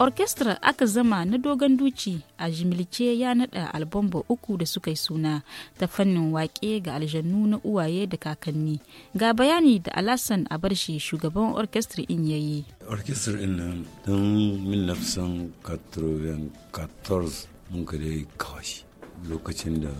orkestra aka zama na dogon duci a jimilce ya nada albamba uku da suka yi suna ta fannin waƙe ga aljannu na uwaye da kakanni ga bayani da alasan a barshe shugaban orkestra in yayi orkestra in nan don 1994 mun kare kawashi lokacin da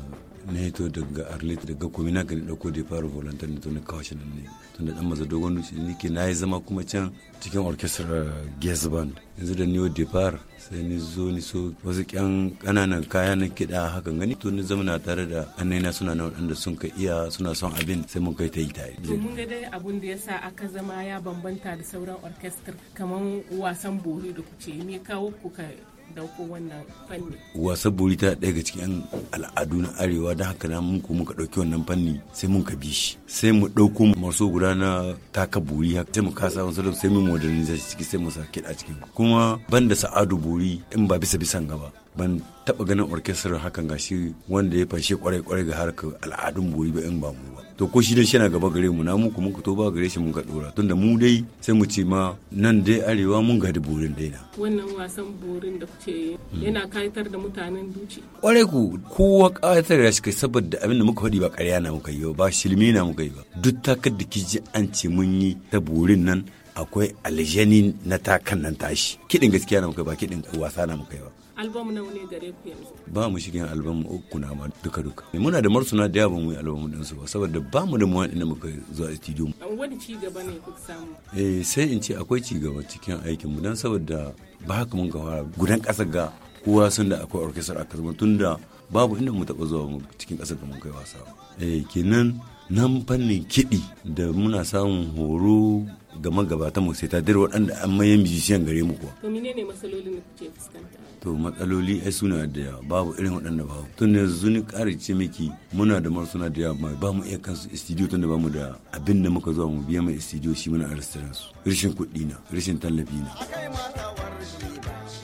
na hito daga arlit daga kumina na gani dauko da fara volunteer da tona kawashi nan ne tun da dan maza dogon dutse ne ke na zama kuma can cikin orchestra guest band yanzu da new depar sai ni zo ni so wasu kyan kananan kaya na kiɗa hakan gani to ni zamana tare da annaina suna na waɗanda sun ka iya suna son abin sai mun kai ta yi tare. to mun ga dai abun da yasa aka zama ya bambanta da sauran orchestra kamar wasan bori da kuce me kawo ku ka dauko wannan fanni ta ɗaya ga cikin al'adu na arewa don haka na mun muka ɗauki wannan fanni sai mun ka bi shi sai mu ɗauko masu guda na taka haka sai mu kasa wani sai mu modernize shi ciki sai mu sa kiɗa cikin kuma banda sa'adu Buri in ba bisa bisan gaba ban taba ganin orkestra hakan ga shi wanda ya fashe kwarai kwarai ga harkar al'adun boyi ba in ba mu ba to ko shi dai shi na gaba gare mu na mu kuma ka to ba gare shi mun ga dora tunda mu dai sai mu ce ma nan dai arewa mun ga da borin dai na wannan wasan borin da kuke yana kaitar da mutanen duci kwarai ku kowa kaitar da shi saboda abin da muka faɗi ba ƙarya na muka yi ba shilmi na muka yi ba duk takar da kiji an ce mun yi ta borin nan akwai aljanin na takan nan tashi kiɗin gaskiya na muka ba kiɗin wasa na muka yi ba album nawa ne gare ku yanzu ba mu shigen album uku na ma duka duka muna da marsuna da yawa mu yi album din su ba saboda ba mu da mu wanda muka zuwa studio mu. wani ci gaba ne kuka samu eh sai in ce akwai ci gaba cikin aikin mu dan saboda ba haka mun ga gudan kasa ga kowa sun da akwai orchestra a kasar tunda babu inda mu taɓa zuwa mu cikin ƙasar da mun kai wasa eh kenan nan fannin kiɗi da muna samun horo ga magabata mu sai ta dare waɗanda an maye musician gare mu kuwa to menene matsalolin da kuke fuskanta to matsaloli ai suna da yawa babu irin waɗanda babu tun yanzu ni ƙara ce miki muna da suna da yawa ba mu iya kansu studio tun da ba mu da abin da muka zuwa mu biya mai studio shi muna a restaurant su rashin kuɗi na rashin tallafi na